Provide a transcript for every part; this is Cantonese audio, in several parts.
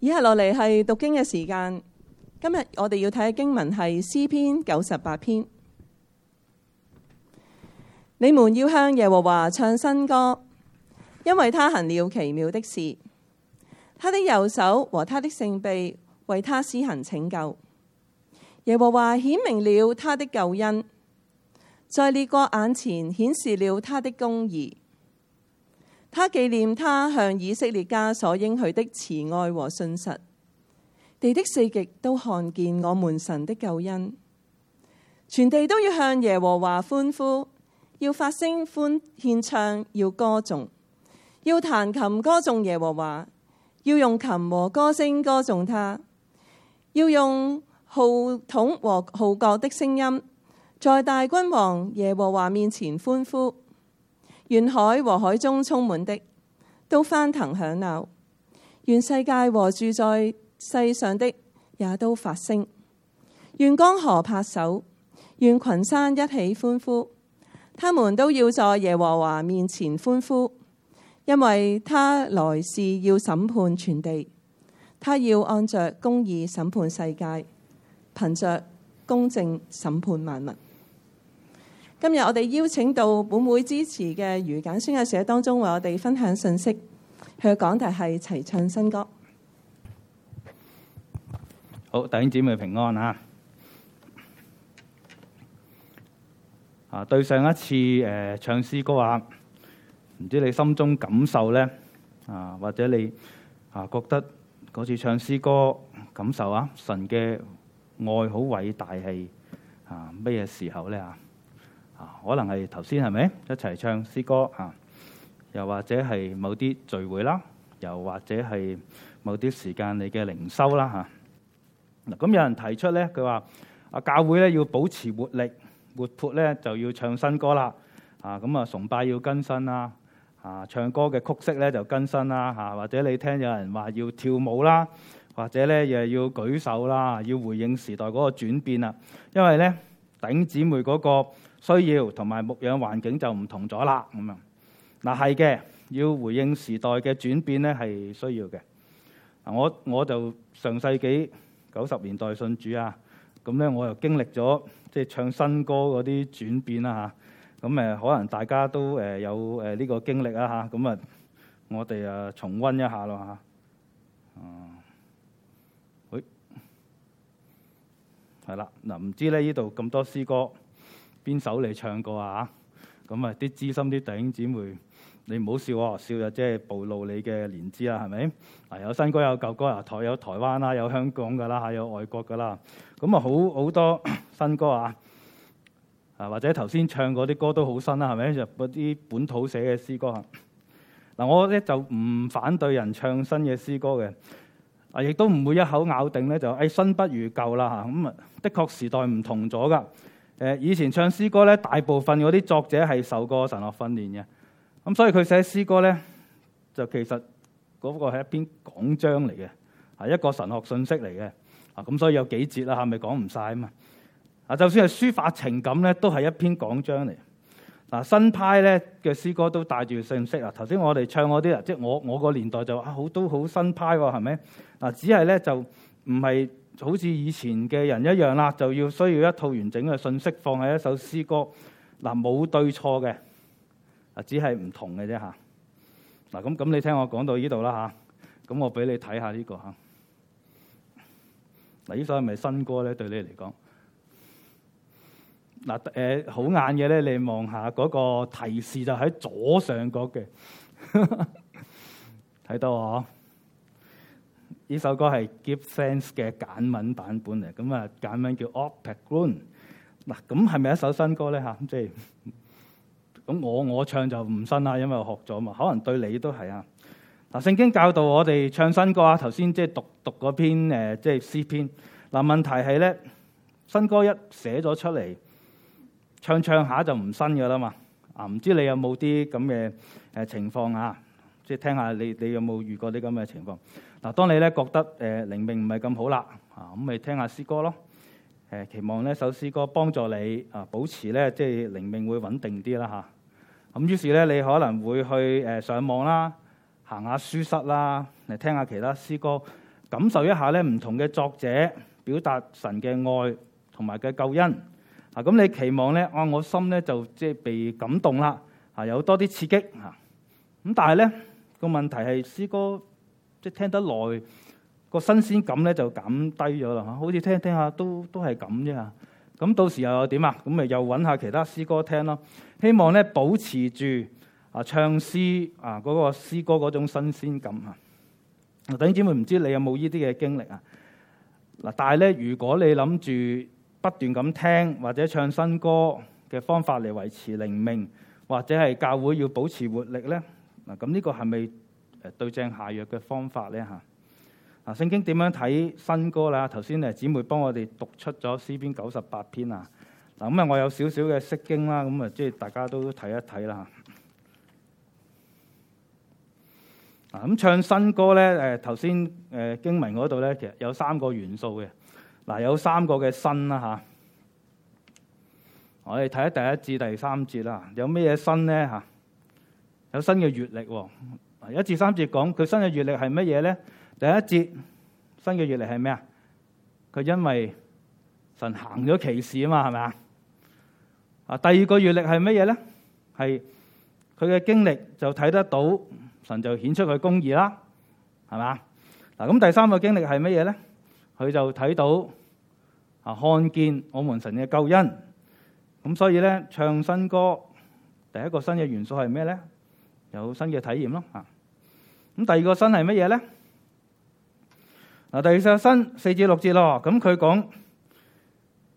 以下落嚟係讀經嘅時間，今日我哋要睇嘅經文係詩篇九十八篇。你們要向耶和華唱新歌，因為他行了奇妙的事，他的右手和他的聖臂為他施行拯救。耶和華顯明了他的救恩，在列國眼前顯示了他的公義。他紀念他向以色列家所應許的慈愛和信實，地的四極都看見我們神的救恩，全地都要向耶和華歡呼，要發聲歡獻唱，要歌頌，要彈琴歌頌耶和華，要用琴和歌聲歌頌他，要用號筒和號角的聲音，在大君王耶和華面前歡呼。願海和海中充滿的都翻騰響鬧，願世界和住在世上的也都發聲，願江河拍手，願群山一起歡呼，他們都要在耶和華面前歡呼，因為他來是要審判全地，他要按着公義審判世界，憑着公正審判萬物。今日我哋邀請到本會支持嘅余簡宣嘅社當中，為我哋分享信息。佢講題係齊唱新歌。好，弟兄姊妹平安吓啊！對上一次誒唱詩歌啊，唔知你心中感受咧啊，或者你啊覺得嗰次唱詩歌感受啊，神嘅愛好偉大係啊咩嘢時候咧啊？啊，可能係頭先係咪一齊唱詩歌啊？又或者係某啲聚會啦、啊，又或者係某啲時間你嘅靈修啦嚇。嗱、啊，咁有人提出咧，佢話啊，教會咧要保持活力活潑咧，就要唱新歌啦。啊，咁啊，崇拜要更新啦。啊，唱歌嘅曲式咧就更新啦。嚇、啊，或者你聽有人話要跳舞啦、啊，或者咧又要舉手啦、啊，要回應時代嗰個轉變啦。因為咧，頂姊妹嗰、嗰個。需要同埋牧養環境就唔同咗啦，咁啊嗱係嘅，要回應時代嘅轉變咧係需要嘅。嗱我我就上世紀九十年代信主啊，咁咧我又經歷咗即係唱新歌嗰啲轉變啊嚇，咁誒可能大家都誒有誒呢個經歷啊嚇，咁啊我哋啊重溫一下咯嚇。嗯，喂，係啦，嗱唔知咧呢度咁多詩歌。邊首嚟唱過啊？咁啊，啲資深啲弟兄姊妹，你唔好笑哦、啊，笑就即係暴露你嘅年資啦，係咪？啊，有新歌有舊歌啊，台有台灣啦，有香港噶啦嚇，有外國噶啦，咁啊，好好多新歌啊！啊，或者頭先唱嗰啲歌都好新啦，係咪？嗰啲本土寫嘅詩歌啊，嗱，我咧就唔反對人唱新嘅詩歌嘅，啊，亦都唔會一口咬定咧就誒新、哎、不如舊啦嚇，咁啊，的確時代唔同咗噶。誒以前唱詩歌咧，大部分嗰啲作者係受過神學訓練嘅，咁所以佢寫詩歌咧就其實嗰個係一篇講章嚟嘅，係一個神學信息嚟嘅，啊，咁所以有幾節啦，係咪講唔晒啊嘛？啊，就算係抒發情感咧，都係一篇講章嚟。嗱，新派咧嘅詩歌都帶住信息啊。頭先我哋唱嗰啲啊，即係我我個年代就啊好都好新派喎，係咪？嗱，只係咧就唔係。好似以前嘅人一樣啦，就要需要一套完整嘅信息放喺一首詩歌嗱，冇對錯嘅。啊只係唔同嘅啫嚇。嗱咁咁，你聽我講到呢度啦嚇。咁我俾你睇下呢個嚇。嗱，呢首係咪新歌咧？對你嚟講，嗱誒好眼嘅咧，你望下嗰個提示就喺左上角嘅，睇 到我。呢首歌係 Give Fans 嘅簡文版本嚟，咁啊簡文叫 o p t a r u n 嗱，咁係咪一首新歌咧？嚇、啊，即係咁我我唱就唔新啦，因為我學咗嘛，可能對你都係啊。嗱，聖經教導我哋唱新歌啊，頭先即係讀讀嗰篇誒、呃呃，即係詩篇。嗱、啊，問題係咧，新歌一寫咗出嚟，唱唱下就唔新噶啦嘛。啊，唔知你有冇啲咁嘅誒情況啊？即、啊、係、啊、聽下你你有冇遇過啲咁嘅情況？嗱，當你咧覺得誒靈命唔係咁好啦，啊咁咪聽下詩歌咯，誒期望呢首詩歌幫助你啊保持咧即係靈命會穩定啲啦嚇。咁於是咧你可能會去誒上網啦，行下書室啦，嚟聽下其他詩歌，感受一下咧唔同嘅作者表達神嘅愛同埋嘅救恩。啊咁你期望咧按我心咧就即係被感動啦，啊有多啲刺激嚇。咁但係咧個問題係詩歌。即係聽得耐，個新鮮感咧就減低咗啦嚇。好似聽聽下都都係咁啫。咁到時又點啊？咁咪又揾下其他詩歌聽咯。希望咧保持住啊唱詩啊嗰個詩歌嗰種新鮮感啊。弟兄姊妹唔知你有冇呢啲嘅經歷啊？嗱，但係咧，如果你諗住不斷咁聽或者唱新歌嘅方法嚟維持靈命，或者係教會要保持活力咧，嗱咁呢個係咪？誒對症下藥嘅方法咧嚇，嗱聖經點樣睇新歌啦？頭先誒姊妹幫我哋讀出咗詩篇九十八篇啊，嗱咁啊我有少少嘅識經啦，咁啊即係大家都睇一睇啦嚇。啊咁唱新歌咧誒頭先誒經文嗰度咧，其實有三個元素嘅，嗱有三個嘅新啦嚇。我哋睇下第一至第三節啦，有咩嘢新咧嚇？有新嘅閲歷喎。一至三節講佢新嘅閲歷係乜嘢咧？第一節新嘅閲歷係咩啊？佢因為神行咗奇事啊嘛，係咪啊？啊，第二個閲歷係乜嘢咧？係佢嘅經歷就睇得到神就顯出佢公義啦，係嘛？嗱咁第三個經歷係乜嘢咧？佢就睇到啊，看見我們神嘅救恩，咁所以咧，唱新歌，第一個新嘅元素係咩咧？有新嘅體驗咯，啊！咁第二個新係乜嘢咧？嗱，第二隻新四至六節咯，咁佢講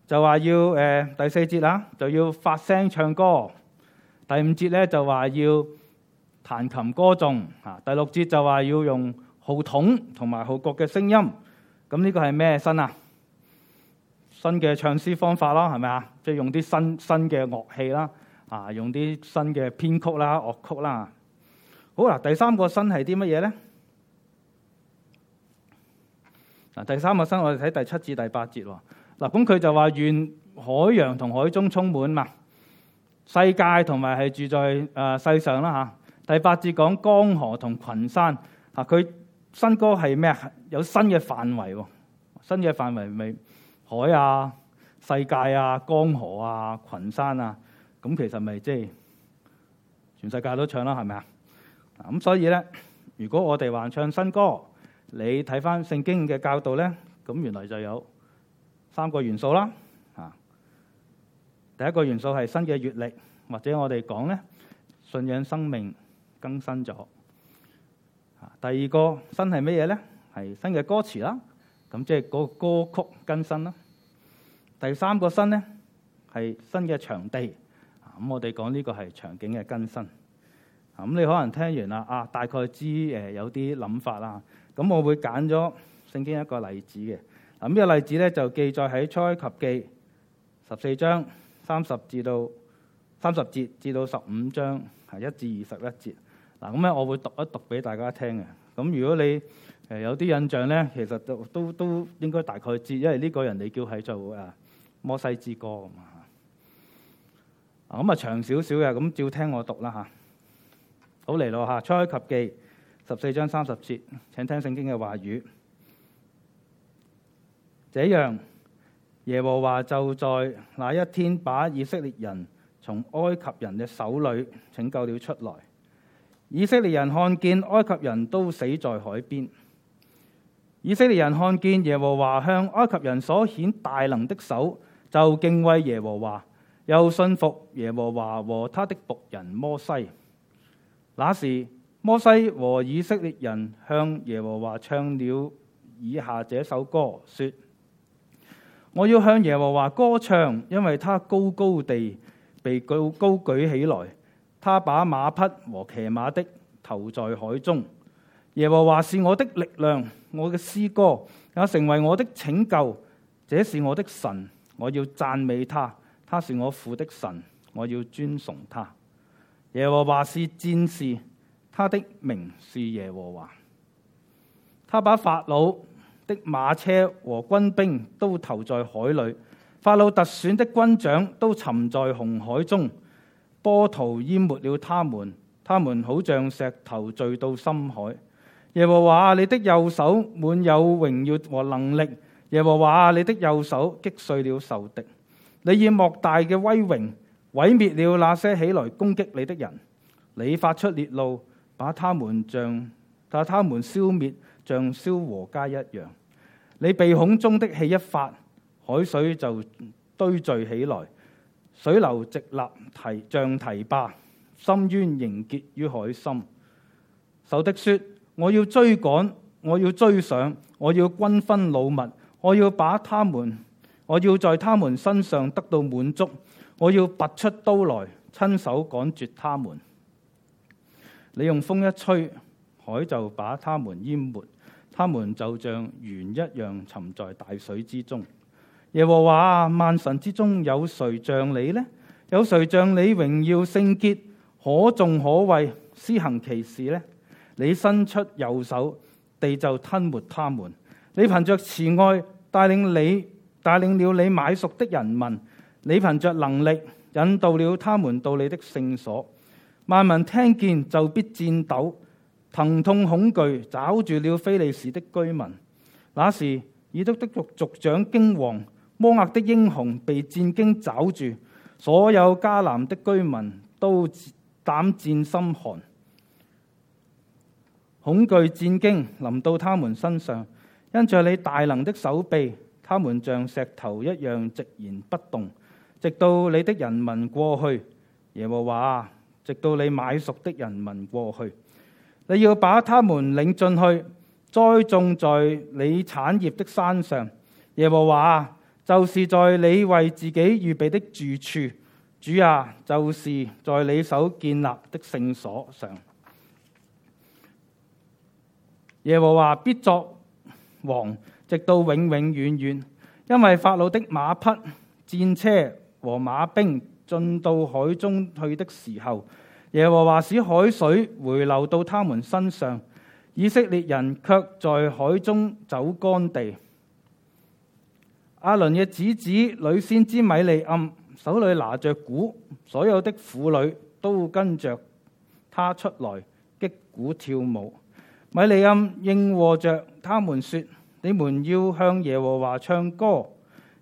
就話要誒、呃、第四節啦，就要發聲唱歌；第五節咧就話要彈琴歌頌；啊，第六節就話要用號筒同埋號角嘅聲音。咁呢個係咩新啊？新嘅唱詩方法啦，係咪啊？即係用啲新新嘅樂器啦，啊，用啲新嘅編曲啦、樂曲啦。好嗱，第三個新係啲乜嘢咧？嗱，第三個新我哋睇第七至第八節喎。嗱，咁佢就話：願海洋同海中充滿嘛，世界同埋係住在誒、呃、世上啦嚇、啊。第八節講江河同群山嚇，佢、啊、新歌係咩有新嘅範圍喎，新嘅範圍咪海啊、世界啊、江河啊、群山啊，咁其實咪即係全世界都唱啦，係咪啊？咁所以咧，如果我哋還唱新歌，你睇返聖經嘅教導咧，咁原來就有三個元素啦。啊，第一個元素係新嘅閱歷，或者我哋講咧，信仰生命更新咗。啊，第二個新係乜嘢咧？係新嘅歌詞啦。咁即係個歌曲更新啦。第三個新咧係新嘅場地。啊，咁我哋講呢個係場景嘅更新。咁你可能聽完啦，啊，大概知誒、呃、有啲諗法啦。咁我會揀咗聖經一個例子嘅。咁、這、呢個例子咧就記載喺《初埃及記》十四章三十至到三十節至到十五章係一至二十一節。嗱，咁咧我會讀一讀俾大家聽嘅。咁如果你誒有啲印象咧，其實都都都應該大概知，因為呢個人你叫係做啊摩西之歌咁嘛啊。咁啊長少少嘅，咁照聽我讀啦嚇。好嚟咯，下出埃及記十四章三十節，請聽聖經嘅話語。這樣，耶和華就在那一天把以色列人從埃及人嘅手裏拯救了出來。以色列人看見埃及人都死在海邊，以色列人看見耶和華向埃及人所顯大能的手，就敬畏耶和華，又信服耶和華和他的僕人摩西。那時，摩西和以色列人向耶和華唱了以下這首歌，說：我要向耶和華歌唱，因為他高高地被高舉起來。他把馬匹和騎馬的投在海中。耶和華是我的力量，我嘅詩歌也成為我的拯救。這是我的神，我要讚美他。他是我父的神，我要尊崇他。耶和華是戰士，他的名是耶和華。他把法老的馬車和軍兵都投在海裏，法老特選的軍長都沉在紅海中，波濤淹沒了他們，他們好像石頭墜到深海。耶和華，你的右手滿有榮耀和能力。耶和華，你的右手擊碎了仇敵，你以莫大嘅威榮。毀滅了那些起來攻擊你的人，你發出烈怒，把他們像把他們消滅，像燒和秸一樣。你鼻孔中的氣一發，海水就堆聚起來，水流直立堤，像堤壩，深淵凝結於海心。受的說：我要追趕，我要追上，我要均分擄物，我要把他們，我要在他們身上得到滿足。我要拔出刀來，親手趕絕他們。你用風一吹，海就把他們淹沒，他們就像鉛一樣沉在大水之中。耶和華啊，萬神之中有誰像你呢？有誰像你榮耀聖潔，可頌可畏，施行奇事呢？你伸出右手，地就吞沒他們。你憑着慈愛帶領你帶領了你買贖的人民。你憑着能力引導了他們到你的聖所，萬民聽見就必戰抖，疼痛恐懼抓住了非利士的居民。那時以督的族族長驚惶，摩押的英雄被戰兢抓住，所有迦南的居民都膽戰心寒，恐懼戰兢臨到他們身上。因着你大能的手臂，他們像石頭一樣，寂然不動。直到你的人民過去，耶和華，直到你買贖的人民過去，你要把他們領進去，栽種在你產業的山上，耶和華，就是在你為自己預備的住處，主啊，就是在你手建立的聖所上，耶和華必作王，直到永永遠遠，因為法老的馬匹、戰車。和馬兵進到海中去的時候，耶和華使海水回流到他們身上，以色列人卻在海中走乾地。亞倫嘅姊姊女先知米利暗，手裏拿着鼓，所有的婦女都跟着他出來擊鼓跳舞。米利暗應和着他們說：你們要向耶和華唱歌。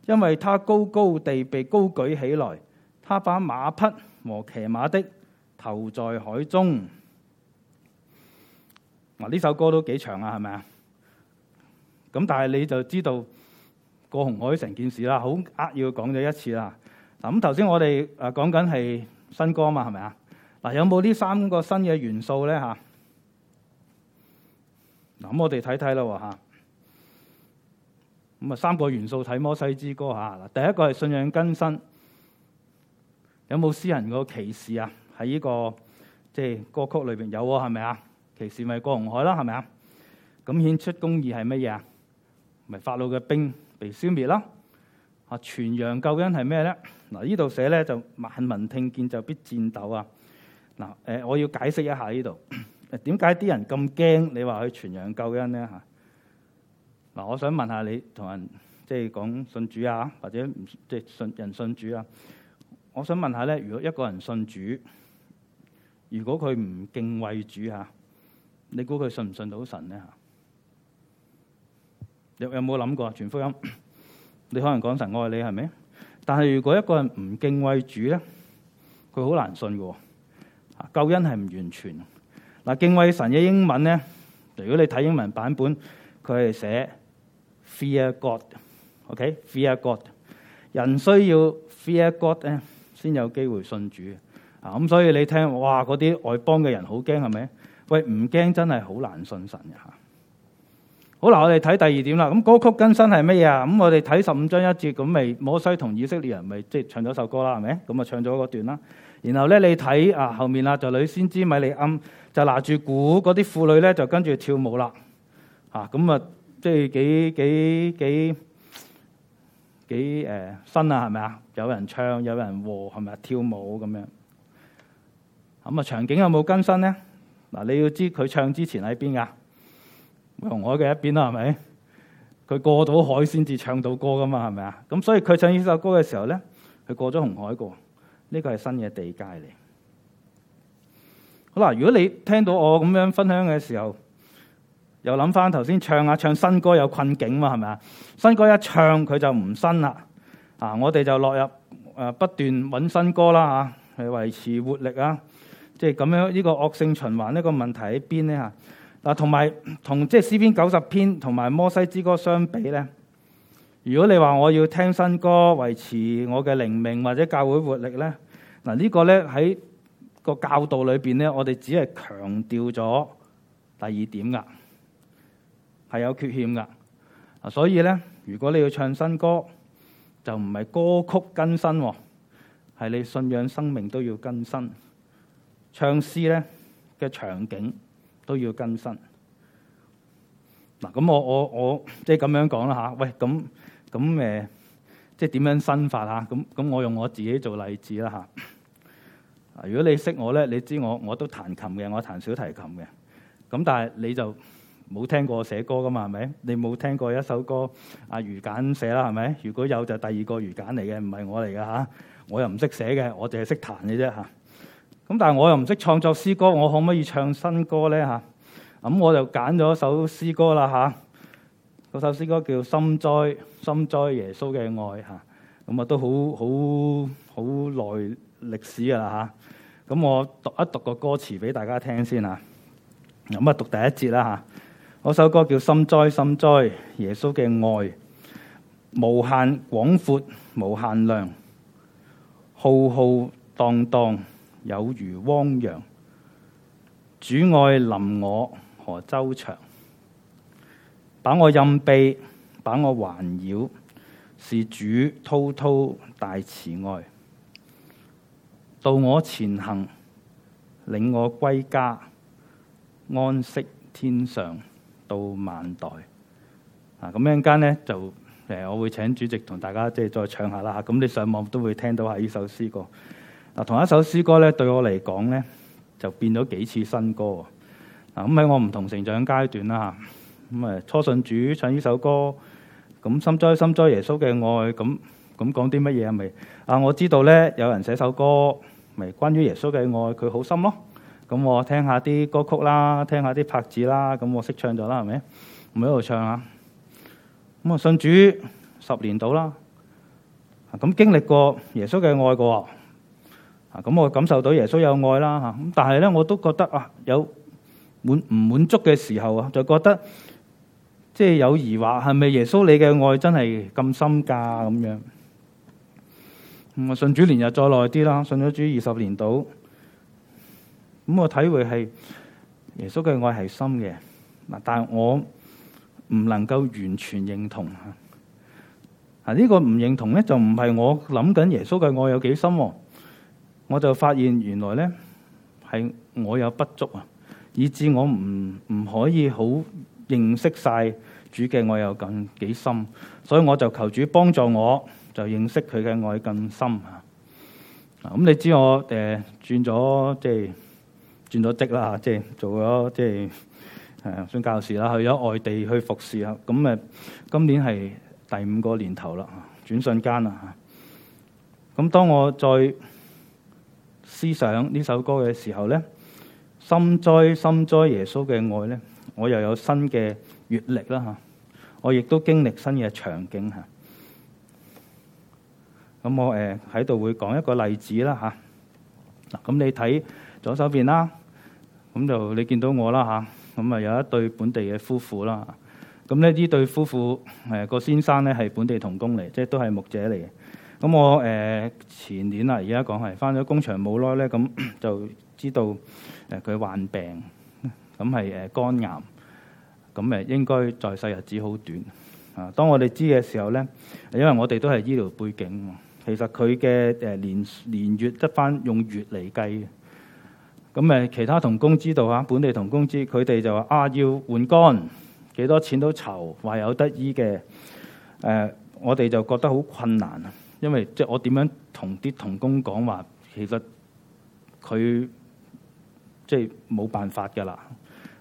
因為他高高地被高舉起來，他把馬匹和騎馬的投在海中。嗱，呢首歌都幾長啊，係咪啊？咁但係你就知道過紅海成件事啦，好呃要講咗一次啦。嗱，咁頭先我哋誒講緊係新歌嘛，係咪啊？嗱，有冇呢三個新嘅元素咧？吓，嗱，咁我哋睇睇啦，吓。咁啊，三個元素睇摩西之歌嚇，第一個係信仰更新，有冇私人個歧視啊？喺呢、這個即係歌曲裏邊有喎，係咪啊？歧視咪過紅海啦，係咪啊？咁顯出公義係乜嘢啊？咪法老嘅兵被消滅啦！啊，傳揚救恩係咩咧？嗱，呢度寫咧就萬民聽見就必戰鬥啊！嗱，誒，我要解釋一下呢度，點解啲人咁驚你話去傳揚救恩咧嚇？嗱，我想問下你同人即係講信主啊，或者即係信人信主啊。我想問下咧，如果一個人信主，如果佢唔敬畏主嚇，你估佢信唔信到神咧嚇？你有沒有冇諗過？全福音，你可能講神愛你係咪？但係如果一個人唔敬畏主咧，佢好難信嘅喎。救恩係唔完全。嗱，敬畏神嘅英文咧，如果你睇英文版本，佢係寫。Fear God，OK？Fear God，人需要 Fear God 咧，先有機會信主啊！咁所以你聽哇，嗰啲外邦嘅人好驚係咪？喂，唔驚真係好難信神嘅吓。好嗱，我哋睇第二點啦。咁歌曲更新係乜嘢啊？咁我哋睇十五章一節，咁咪摩西同以色列人咪即係唱咗首歌啦，係咪？咁啊唱咗嗰段啦。然後咧你睇啊後面啦，就女先知米利暗就拿住鼓，嗰啲婦女咧就跟住跳舞啦。啊咁啊！即係幾幾幾幾誒新啊，係咪啊？有人唱，有人和，係咪啊？跳舞咁樣，咁啊場景有冇更新咧？嗱，你要知佢唱之前喺邊噶？紅海嘅一邊啦，係咪？佢過到海先至唱到歌噶嘛，係咪啊？咁所以佢唱呢首歌嘅時候咧，佢過咗紅海過，呢個係新嘅地界嚟。好啦，如果你聽到我咁樣分享嘅時候，又諗翻頭先唱啊，唱新歌有困境嘛？係咪啊？新歌一唱佢就唔新啦啊。我哋就落入、啊、不斷揾新歌啦去係維持活力啊，即係咁樣呢、呢個惡性循環呢、呢個問題喺邊咧？嗱、啊，同埋同即係詩篇九十篇同埋摩西之歌相比咧，如果你話我要聽新歌維持我嘅靈命或者教會活力咧，嗱、啊呢個、呢個咧喺個教導裏面咧，我哋只係強調咗第二點噶。係有缺陷噶，所以咧，如果你要唱新歌，就唔係歌曲更新，係你信仰生命都要更新。唱詩咧嘅場景都要更新。嗱，咁我我我即係咁樣講啦吓，喂，咁咁誒，即係點樣新法吓？咁咁，我用我自己做例子啦吓，啊。如果你識我咧，你知我我都彈琴嘅，我彈小提琴嘅。咁但係你就。冇聽過寫歌噶嘛，係咪？你冇聽過一首歌阿余簡寫啦，係咪？如果有就是、第二個余簡嚟嘅，唔係我嚟嘅吓。我又唔識寫嘅，我淨係識彈嘅啫吓。咁但係我又唔識創作詩歌，我可唔可以唱新歌咧吓？咁我就揀咗首詩歌啦吓。嗰首詩歌叫《深哉深哉》，耶穌嘅愛吓。咁啊都好好好耐歷史噶啦吓。咁我讀一讀個歌詞俾大家聽先吓。咁啊讀第一節啦吓。嗰首歌叫《心哉心哉》，耶穌嘅愛無限廣闊、無限量，浩浩蕩蕩，有如汪洋。主愛臨我何周長，把我任卑，把我環繞，是主滔滔大慈愛。導我前行，領我歸家，安息天上。到萬代啊！咁一陣間咧就誒，我會請主席同大家即係再唱下啦。咁你上網都會聽到下呢首詩歌。嗱，同一首詩歌咧，對我嚟講咧，就變咗幾次新歌啊！咁喺我唔同成長階段啦，咁誒初信主唱呢首歌，咁深哉深哉，耶穌嘅愛，咁咁講啲乜嘢啊？咪啊，我知道咧，有人寫首歌，咪關於耶穌嘅愛，佢好深咯。咁我聽下啲歌曲啦，聽下啲拍子啦，咁我識唱咗啦，係咪？唔喺度唱啊！咁啊，信主十年到啦，咁經歷過耶穌嘅愛過，啊咁我感受到耶穌有愛啦吓，咁但係咧我都覺得啊有滿唔滿足嘅時候啊，就覺得即係、就是、有疑惑，係咪耶穌你嘅愛真係咁深噶咁樣？咁啊，信主年又再耐啲啦，信咗主二十年到。咁我體會係耶穌嘅愛係深嘅嗱，但係我唔能夠完全認同啊。呢個唔認同咧，就唔係我諗緊耶穌嘅愛有幾深。我就發現原來咧係我有不足啊，以致我唔唔可以好認識晒主嘅愛有咁幾深。所以我就求主幫助我，就認識佢嘅愛更深啊。咁你知我誒轉咗即係。轉咗職啦，即係做咗，即係誒，宣教士啦，去咗外地去服侍啊。咁誒，今年係第五個年頭啦，轉瞬間啦。咁當我再思想呢首歌嘅時候咧，心哉心哉，耶穌嘅愛咧，我又有新嘅閱歷啦吓，我亦都經歷新嘅場景吓。咁我誒喺度會講一個例子啦吓。嗱，咁你睇左手邊啦。咁就你見到我啦吓，咁啊，有一對本地嘅夫婦啦。咁咧，呢對夫婦誒，個先生咧，係本地同工嚟，即、就、係、是、都係牧者嚟嘅。咁我誒前年啦，而家講係翻咗工場冇耐咧，咁就知道佢患病，咁係肝癌，咁誒應該在世日子好短。啊，當我哋知嘅時候咧，因為我哋都係醫療背景，其實佢嘅年年月得翻用月嚟計咁誒，其他同工知道吓，本地同工知佢哋就話啊，要換肝，幾多錢都籌，話有得醫嘅。誒、呃，我哋就覺得好困難啊，因為即係、就是、我點樣同啲同工講，話其實佢即係冇辦法噶啦，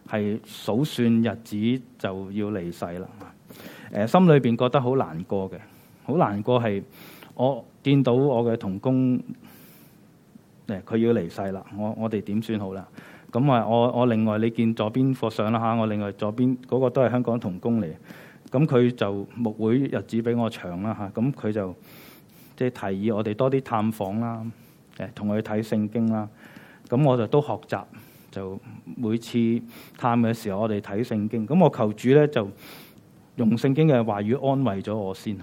係數算日子就要離世啦。誒、呃，心裏邊覺得好難過嘅，好難過，係我見到我嘅同工。誒，佢要離世啦，我我哋點算好啦？咁啊，我我另外，你見左邊課相啦嚇，我另外左邊嗰，嗰個都係香港同工嚟，咁佢就牧會日子比我長啦嚇，咁佢就即係提議我哋多啲探訪啦，誒，同佢睇聖經啦，咁我就都學習，就每次探嘅時候，我哋睇聖經，咁我求主咧就用聖經嘅話語安慰咗我先。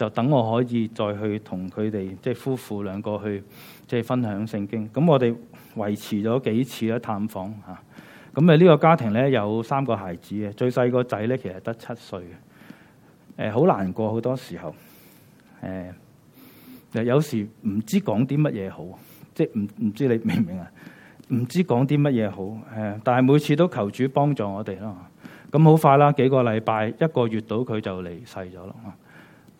就等我可以再去同佢哋，即係夫婦兩個去，即係分享聖經。咁我哋維持咗幾次咧探訪吓。咁啊呢個家庭咧有三個孩子嘅，最細個仔咧其實得七歲誒，好難過好多時候。誒，有時唔知講啲乜嘢好，即係唔唔知你明唔明啊？唔知講啲乜嘢好。誒，但係每次都求主幫助我哋啦。咁好快啦，幾個禮拜，一個月到佢就離世咗啦。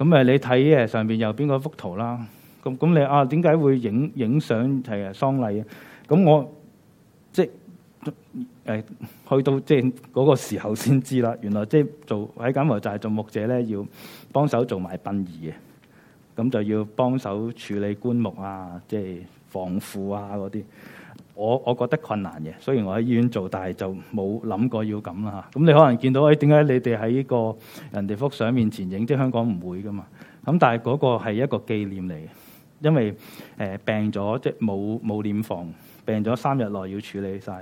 咁誒，你睇誒上邊有邊嗰幅圖啦，咁咁你啊點解會影影相係桑喪禮？咁我即係誒、呃、去到即係嗰、嗰個時候先知啦，原來即係做喺柬埔寨做木匠咧，要幫手做埋殯儀嘅，咁就要幫手處理棺木啊，即係防腐啊嗰啲。我我覺得困難嘅，雖然我喺醫院做，但係就冇諗過要咁啦吓。咁你可能見到誒點解你哋喺呢個人哋幅相面前影？即香港唔會㗎嘛。咁但係嗰個係一個紀念嚟，因為誒病咗即冇冇殮房；病咗三日內要處理晒，誒、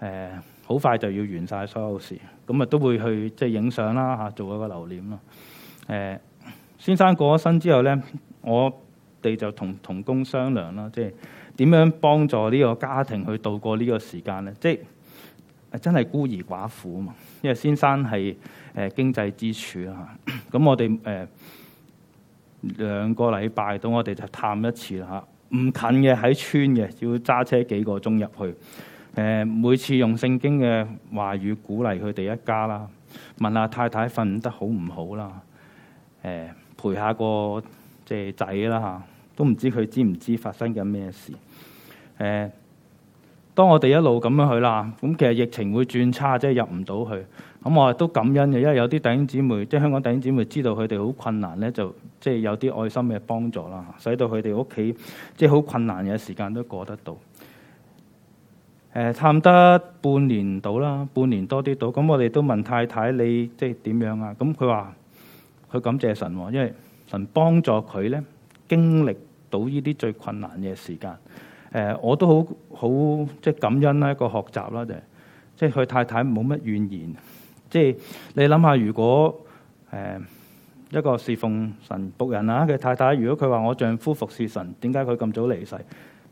呃、好快就要完晒所有事。咁啊都會去即影相啦吓，做一個留念咯。誒、呃，先生過咗身之後咧，我哋就同同工商量啦，即。點樣幫助呢個家庭去度過呢個時間咧？即係真係孤兒寡婦啊嘛，因為先生係誒、呃、經濟支柱啊。咁我哋誒、呃、兩個禮拜到，我哋就探一次啦嚇。唔、啊、近嘅喺村嘅，要揸車幾個鐘入去。誒、呃、每次用聖經嘅話語鼓勵佢哋一家啦，問下太太瞓得好唔好啦，誒、呃、陪下個即仔啦嚇。都唔知佢知唔知發生緊咩事？誒，當我哋一路咁樣去啦，咁其實疫情會轉差，即係入唔到去。咁我亦都感恩嘅，因為有啲弟兄姊妹，即係香港弟兄姊妹，知道佢哋好困難咧，就即係有啲愛心嘅幫助啦，使到佢哋屋企即係好困難嘅時間都過得到。誒，探得半年到啦，半年多啲到。咁我哋都問太太你即係點樣啊？咁佢話佢感謝神，因為神幫助佢咧經歷，到呢啲最困難嘅時間，誒、呃、我都好好即係感恩啦，個學習啦就即係佢太太冇乜怨言。即係你諗下，如果誒、呃、一個侍奉神僕人啊，佢太太如果佢話我丈夫服侍神，點解佢咁早離世？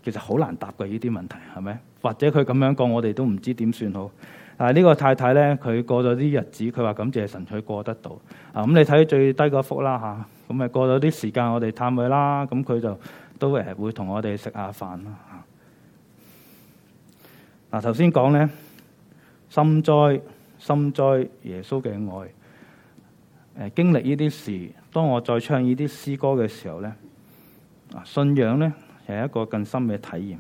其實好難答嘅呢啲問題，係咪？或者佢咁樣講，我哋都唔知點算好。但係呢個太太咧，佢過咗啲日子，佢話感謝神佢過得到。啊，咁你睇最低嗰幅啦吓，咁、啊、咪過咗啲時間，我哋探佢啦，咁、啊、佢就都誒會同我哋食下飯啦吓。嗱、啊，頭先講咧，心哉心哉，耶穌嘅愛。誒、啊，經歷呢啲事，當我再唱呢啲詩歌嘅時候咧，啊，信仰咧係一個更深嘅體驗。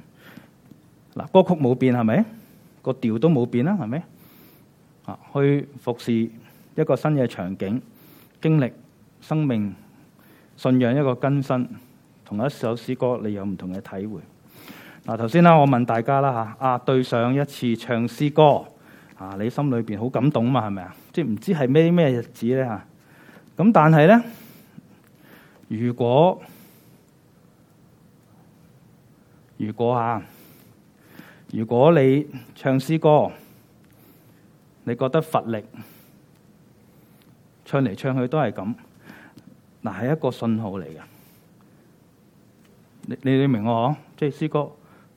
嗱、啊，歌曲冇變，係咪？是個調都冇變啦，係咪？啊，去服侍一個新嘅場景、經歷、生命、信仰一個更新，同一首詩歌你有唔同嘅體會。嗱，頭先啦，我問大家啦吓，啊，對上一次唱詩歌啊，你心裏邊好感動嘛？係咪啊？即係唔知係咩咩日子咧吓。咁但係咧，如果如果吓？如果你唱詩歌，你覺得乏力，唱嚟唱去都係咁，嗱，係一個信號嚟嘅。你你你明我嗬？即係詩歌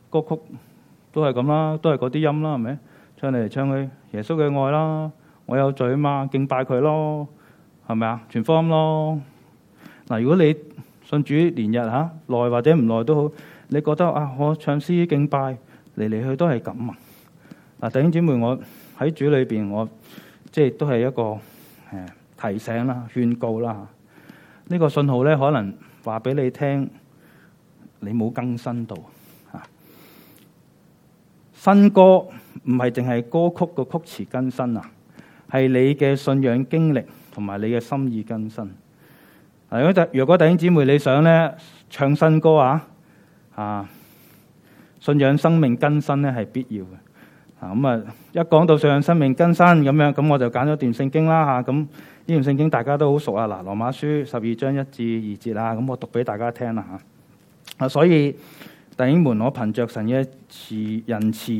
歌曲都係咁啦，都係嗰啲音啦，係咪？唱嚟唱去，耶穌嘅愛啦，我有罪嘛，敬拜佢咯，係咪啊？全方咯嗱。如果你信主連日嚇耐或者唔耐都好，你覺得啊，我唱詩敬拜。嚟嚟去都係咁啊！嗱，弟兄姊妹我在，我喺主裏邊，我即係都係一個誒提醒啦、勸告啦。呢、這個信號咧，可能話俾你聽，你冇更新到啊！新歌唔係淨係歌曲個曲詞更新啊，係你嘅信仰經歷同埋你嘅心意更新。嗱，如果若果弟兄姊妹你想咧唱新歌啊，啊！信仰生命更新咧係必要嘅，啊咁啊，一講到信仰生命更新咁樣，咁我就揀咗段聖經啦吓，咁呢段聖經大家都好熟啊，嗱《羅馬書》十二章一至二節啦，咁我讀俾大家聽啦嚇。啊，所以弟兄們，我憑着神嘅慈仁慈，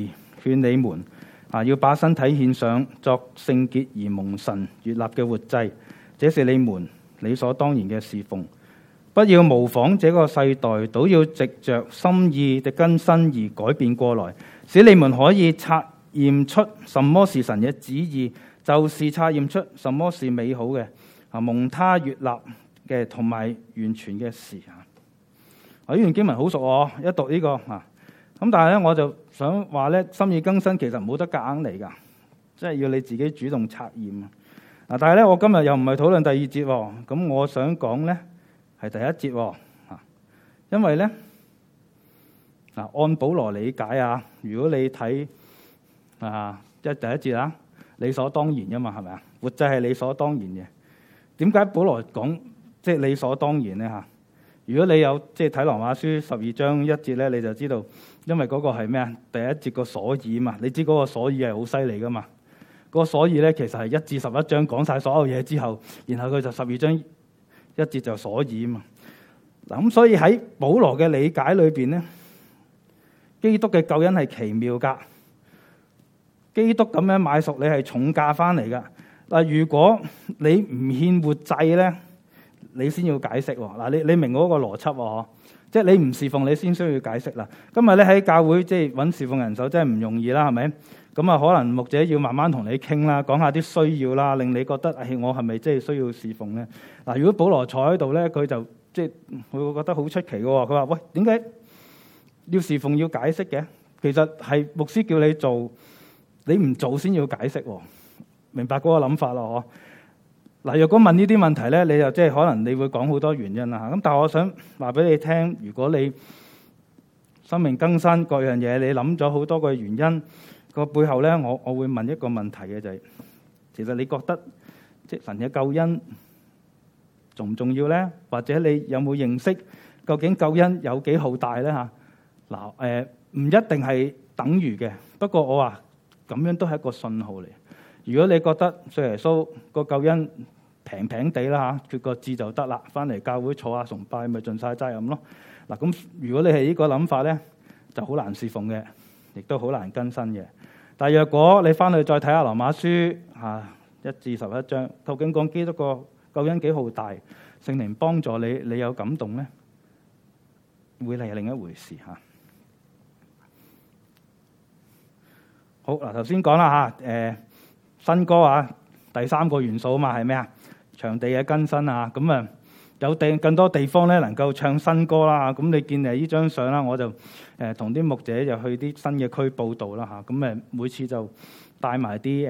勸你們啊，要把身體獻上作聖潔而蒙神悅納嘅活祭，這是你們理所當然嘅侍奉。不要模仿這個世代，都要藉着心意的更新而改變過來，使你們可以察驗出什麼是神嘅旨意，就是察驗出什麼是美好嘅啊蒙他悅納嘅同埋完全嘅事啊！我呢段經文好熟，我一讀、這個、呢個咁，但係咧我就想話咧，心意更新其實冇得夾硬嚟噶，即、就、係、是、要你自己主動察驗啊！但係咧我今日又唔係討論第二節，咁我想講咧。係第一節喎、哦，因為咧，嗱，按保羅理解啊，如果你睇啊一第一節啦，理所當然吖嘛，係咪啊？活祭係理所當然嘅。點解保羅講即係理所當然咧？嚇，如果你有即係睇羅馬書十二章一節咧，你就知道，因為嗰個係咩啊？第一節個所以嘛，你知嗰個所以係好犀利㗎嘛。嗰個所以咧，其實係一至十一章講晒所有嘢之後，然後佢就十二章。一節就所以啊嘛，嗱咁所以喺保羅嘅理解裏邊咧，基督嘅救恩係奇妙噶，基督咁樣買贖你係重價翻嚟噶。嗱，如果你唔獻活祭咧，你先要解釋喎。嗱，你你明嗰個邏輯喎，即係你唔侍奉你先需要解釋啦。今日咧喺教會即係揾侍奉人手真係唔容易啦，係咪？咁啊，可能牧者要慢慢同你傾啦，講下啲需要啦，令你覺得，唉，我係咪即係需要侍奉咧？嗱，如果保羅坐喺度咧，佢就即係佢會覺得好出奇嘅喎。佢話：喂，點解要侍奉要解釋嘅？其實係牧師叫你做，你唔做先要解釋喎。明白嗰個諗法咯，嗬？嗱，若果問呢啲問題咧，你就即係可能你會講好多原因啦。咁但係我想話俾你聽，如果你生命更新各樣嘢，你諗咗好多個原因。個背後咧，我我會問一個問題嘅就係、是，其實你覺得即係神嘅救恩重唔重要咧？或者你有冇認識究竟救恩有幾浩大咧？嚇、呃、嗱，誒唔一定係等於嘅。不過我話咁樣都係一個信號嚟。如果你覺得聖耶穌個救恩平平地啦吓，決個志就得啦，翻嚟教會坐下崇拜咪盡晒責任咯。嗱、呃、咁如果你係呢個諗法咧，就好難侍奉嘅。亦都好難更新嘅，但係若果你翻去再睇下《羅馬書》嚇一至十一章，究竟講基督教究竟幾浩大？聖靈幫助你，你有感動咧，會係另一回事嚇。好嗱，頭先講啦嚇，誒新歌啊，第三個元素啊嘛係咩啊？場地嘅更新啊，咁啊～有第更多地方咧，能夠唱新歌啦。咁你見誒呢張相啦，我就誒同啲牧者就去啲新嘅區報道啦嚇。咁誒每次就帶埋啲誒誒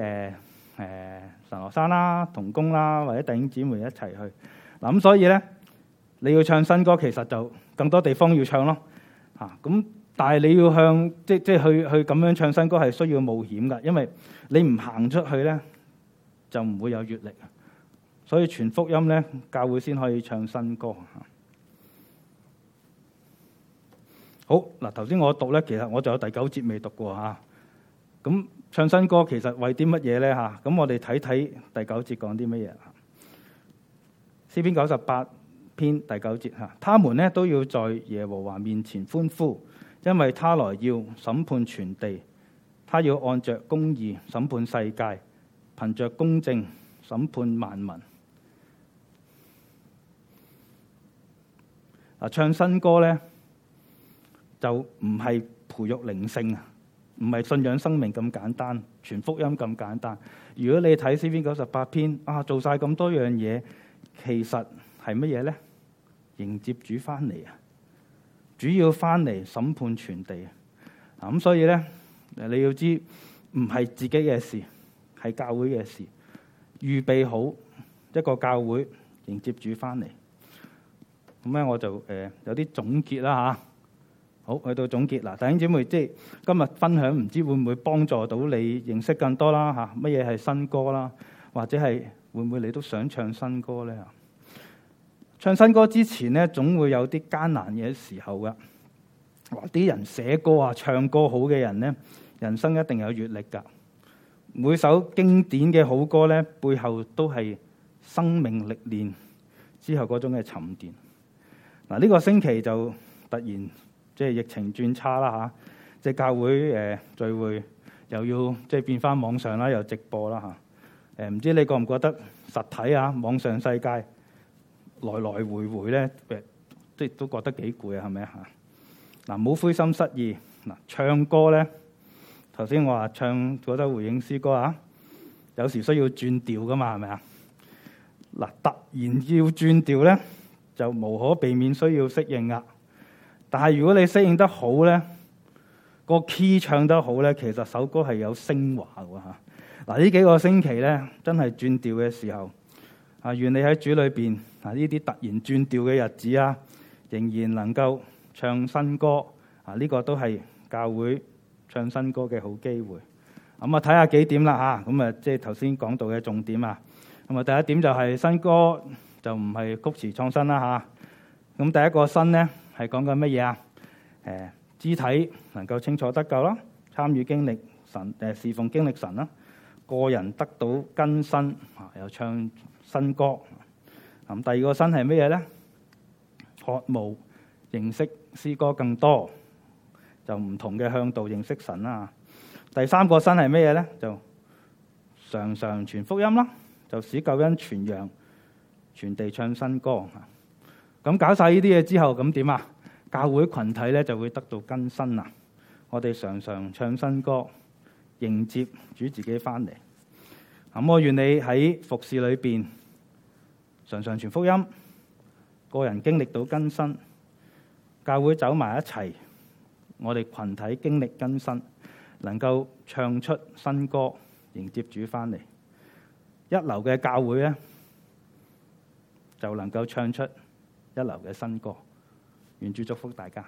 神學生啦、童工啦或者弟兄姊妹一齊去。嗱咁所以咧，你要唱新歌，其實就更多地方要唱咯嚇。咁但係你要向即即去去咁樣唱新歌，係需要冒險㗎，因為你唔行出去咧，就唔會有閲歷。所以全福音咧，教會先可以唱新歌好。好嗱，頭先我讀咧，其實我就有第九節未讀過吓。咁唱新歌其實為啲乜嘢咧？吓，咁我哋睇睇第九節講啲乜嘢。詩篇九十八篇第九節吓，他們咧都要在耶和華面前歡呼，因為他來要審判全地，他要按着公義審判世界，憑着公正審判萬民。唱新歌咧，就唔係培育靈性啊，唔係信仰生命咁簡單，全福音咁簡單。如果你睇詩篇九十八篇啊，做晒咁多樣嘢，其實係乜嘢咧？迎接主翻嚟啊！主要翻嚟審判全地啊！咁所以咧，你要知唔係自己嘅事，係教會嘅事。預備好一個教會，迎接主翻嚟。咁咧，我就誒、呃、有啲總結啦吓，好去到總結啦，弟兄姐妹，即係今日分享，唔知會唔會幫助到你認識更多啦吓，乜嘢係新歌啦，或者係會唔會你都想唱新歌咧嚇？唱新歌之前咧，總會有啲艱難嘅時候噶。哇！啲人寫歌啊、唱歌好嘅人咧，人生一定有閲歷噶。每首經典嘅好歌咧，背後都係生命歷練之後嗰種嘅沉澱。嗱呢個星期就突然即係、就是、疫情轉差啦嚇，即係教會誒、呃、聚會又要即係、就是、變翻網上啦，又直播啦嚇。誒、呃、唔知你覺唔覺得實體啊網上世界來來回回咧，即係都覺得幾攰係咪啊？嗱，唔好灰心失意嗱，唱歌咧，頭先我話唱《嗰首回應詩歌》啊，有時需要轉調噶嘛係咪啊？嗱，突然要轉調咧，就無可避免需要適應啦。但係如果你適應得好呢、呢個 key 唱得好呢，其實首歌係有升華嘅嚇。嗱、啊、呢幾個星期呢，真係轉調嘅時候，啊願你喺主裏邊啊呢啲突然轉調嘅日子啊，仍然能夠唱新歌啊！呢、呢個都係教會唱新歌嘅好機會。咁啊睇下幾點啦吓，咁啊即係頭先講到嘅重點啊。咁啊第一點就係新歌。就唔係曲詞創新啦嚇。咁第一個新咧係講緊乜嘢啊？誒，肢體能夠清楚得救啦，參與經歷神，誒，侍奉經歷神啦，個人得到更新啊，又唱新歌。咁第二個新係乜嘢咧？渴慕認識詩歌更多，就唔同嘅向度認識神啦。第三個新係乜嘢咧？就常常傳福音啦，就使救恩傳揚。全地唱新歌，咁搞晒呢啲嘢之後，咁點啊？教會群體咧就會得到更新喇！我哋常常唱新歌，迎接主自己翻嚟。咁我願你喺服侍裏面，常常傳福音，個人經歷到更新，教會走埋一齊，我哋群體經歷更新，能夠唱出新歌，迎接主翻嚟。一流嘅教會咧。就能夠唱出一流嘅新歌，願主祝福大家。